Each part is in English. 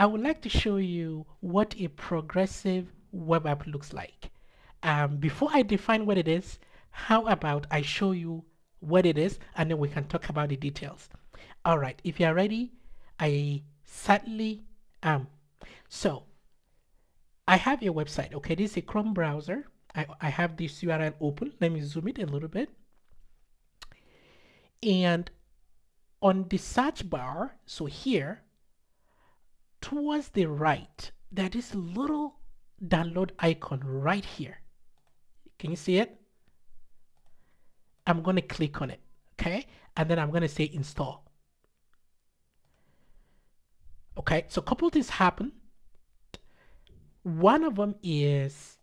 I would like to show you what a progressive web app looks like. Um, before I define what it is, how about I show you what it is and then we can talk about the details. All right, if you are ready, I sadly am. Um, so I have a website. Okay, this is a Chrome browser. I, I have this URL open. Let me zoom it a little bit. And on the search bar, so here, towards the right, there is a little download icon right here. Can you see it? I'm going to click on it. Okay. And then I'm going to say install. Okay. So a couple things happen. One of them is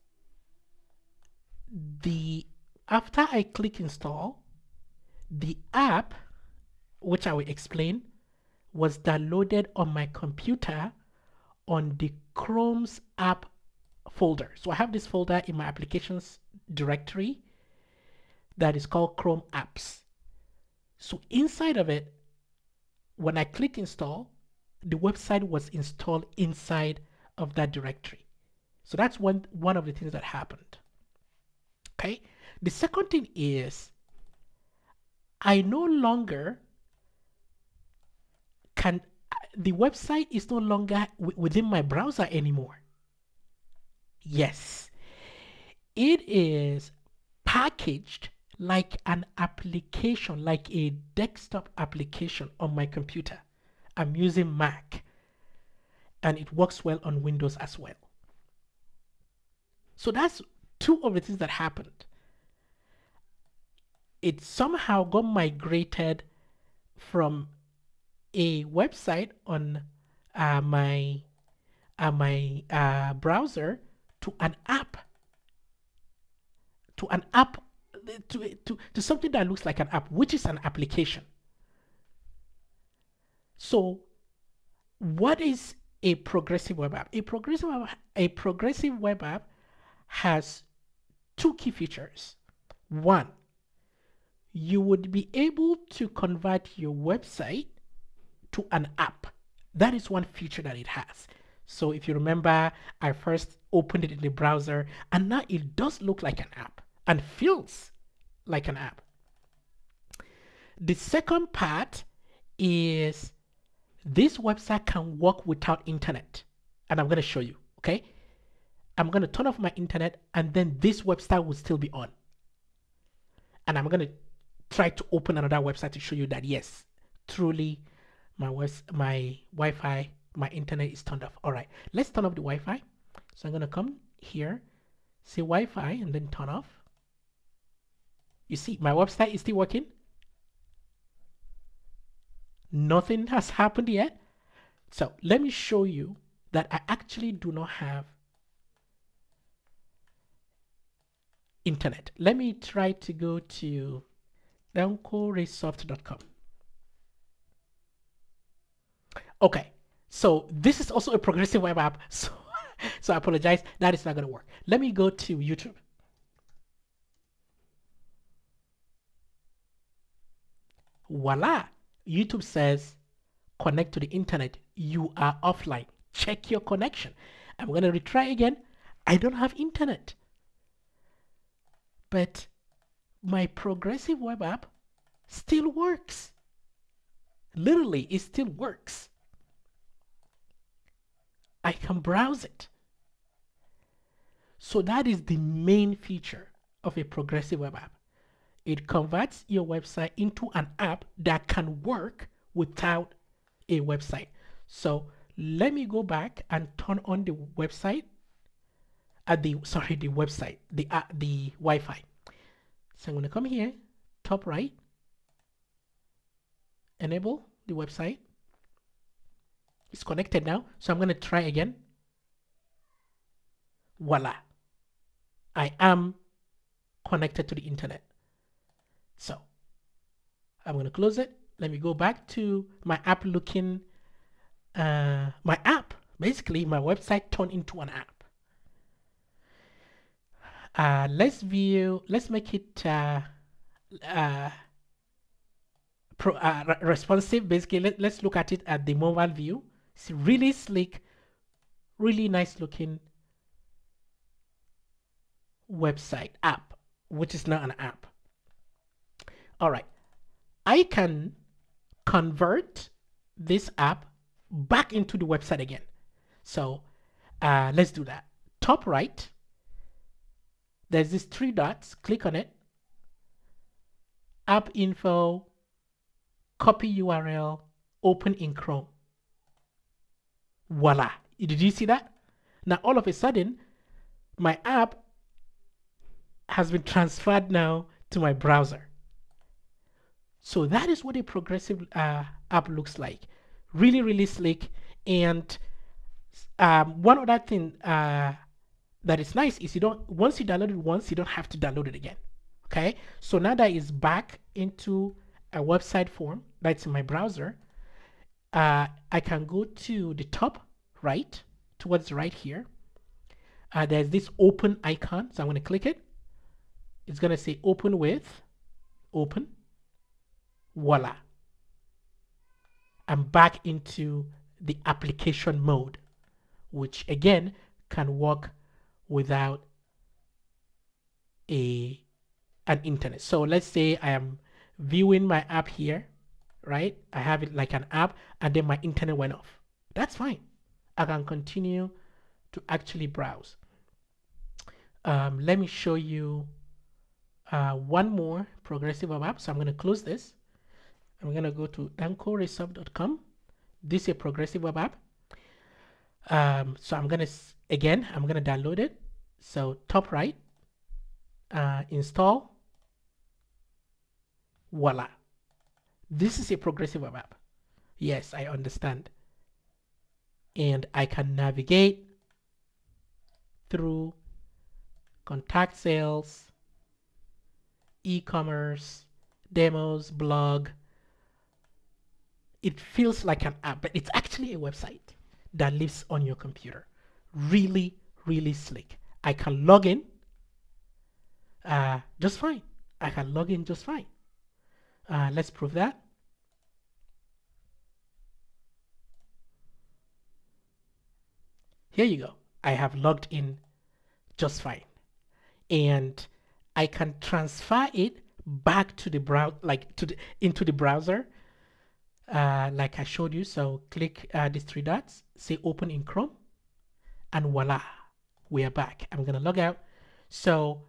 the, after I click install, the app, which I will explain, was downloaded on my computer on the Chrome's app folder. So I have this folder in my applications directory that is called Chrome apps. So inside of it, when I click install, the website was installed inside of that directory. So that's one, one of the things that happened. Okay. The second thing is I no longer can the website is no longer w- within my browser anymore. Yes, it is packaged like an application, like a desktop application on my computer. I'm using Mac and it works well on Windows as well. So that's two of the things that happened. It somehow got migrated from a website on uh, my uh, my uh, browser to an app to an app to, to, to something that looks like an app which is an application so what is a progressive web app a progressive a progressive web app has two key features one you would be able to convert your website to an app. That is one feature that it has. So if you remember, I first opened it in the browser and now it does look like an app and feels like an app. The second part is this website can work without internet. And I'm going to show you, okay? I'm going to turn off my internet and then this website will still be on. And I'm going to try to open another website to show you that yes, truly my my Wi-Fi my internet is turned off all right let's turn off the Wi-Fi so I'm gonna come here say Wi-Fi and then turn off you see my website is still working nothing has happened yet so let me show you that I actually do not have internet let me try to go to dankoresoft.com Okay, so this is also a progressive web app. So, so I apologize, that is not gonna work. Let me go to YouTube. Voila, YouTube says, connect to the internet. You are offline. Check your connection. I'm gonna retry again. I don't have internet. But my progressive web app still works. Literally, it still works. I can browse it. So that is the main feature of a progressive web app. It converts your website into an app that can work without a website. So let me go back and turn on the website at uh, the sorry the website the uh, the Wi-Fi. So I'm going to come here, top right, enable the website. It's connected now. So I'm going to try again. Voila. I am connected to the internet. So I'm going to close it. Let me go back to my app looking, uh, my app, basically my website turned into an app. Uh, let's view, let's make it uh, uh, pro, uh, responsive. Basically, let, let's look at it at the mobile view. It's really sleek, really nice looking website app, which is not an app. All right. I can convert this app back into the website again. So uh, let's do that. Top right, there's these three dots. Click on it. App info, copy URL, open in Chrome. Voila. Did you see that? Now, all of a sudden, my app has been transferred now to my browser. So that is what a progressive uh, app looks like. Really, really slick. And um, one other thing uh, that is nice is you don't, once you download it once, you don't have to download it again. Okay. So now that is back into a website form that's in my browser, uh, I can go to the top right, towards right here. Uh, there's this open icon, so I'm going to click it. It's going to say open with, open, voila. I'm back into the application mode, which again can work without a an internet. So let's say I am viewing my app here right? I have it like an app and then my internet went off. That's fine. I can continue to actually browse. Um, let me show you uh, one more progressive web app. So I'm going to close this. I'm going to go to dankoresub.com. This is a progressive web app. Um, so I'm going to, again, I'm going to download it. So top right, uh, install, voila. This is a progressive web app. Yes, I understand. And I can navigate through contact sales, e-commerce, demos, blog. It feels like an app, but it's actually a website that lives on your computer. Really, really slick. I can log in uh, just fine. I can log in just fine. Uh, let's prove that. Here you go. I have logged in just fine. And I can transfer it back to the browser, like to the, into the browser, uh, like I showed you. So click uh, these three dots, say open in Chrome, and voila, we are back. I'm gonna log out. So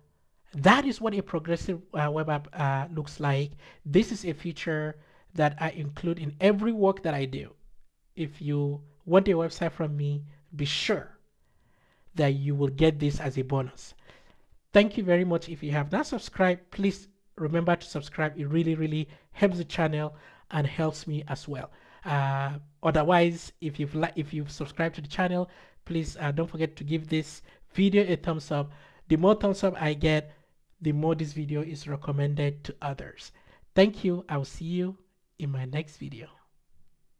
that is what a progressive uh, web app uh, looks like. This is a feature that I include in every work that I do. If you want a website from me, be sure that you will get this as a bonus. Thank you very much. If you have not subscribed, please remember to subscribe. It really, really helps the channel and helps me as well. Uh, otherwise, if you've if you've subscribed to the channel, please uh, don't forget to give this video a thumbs up the more thumbs up I get, the more this video is recommended to others. Thank you. I'll see you in my next video.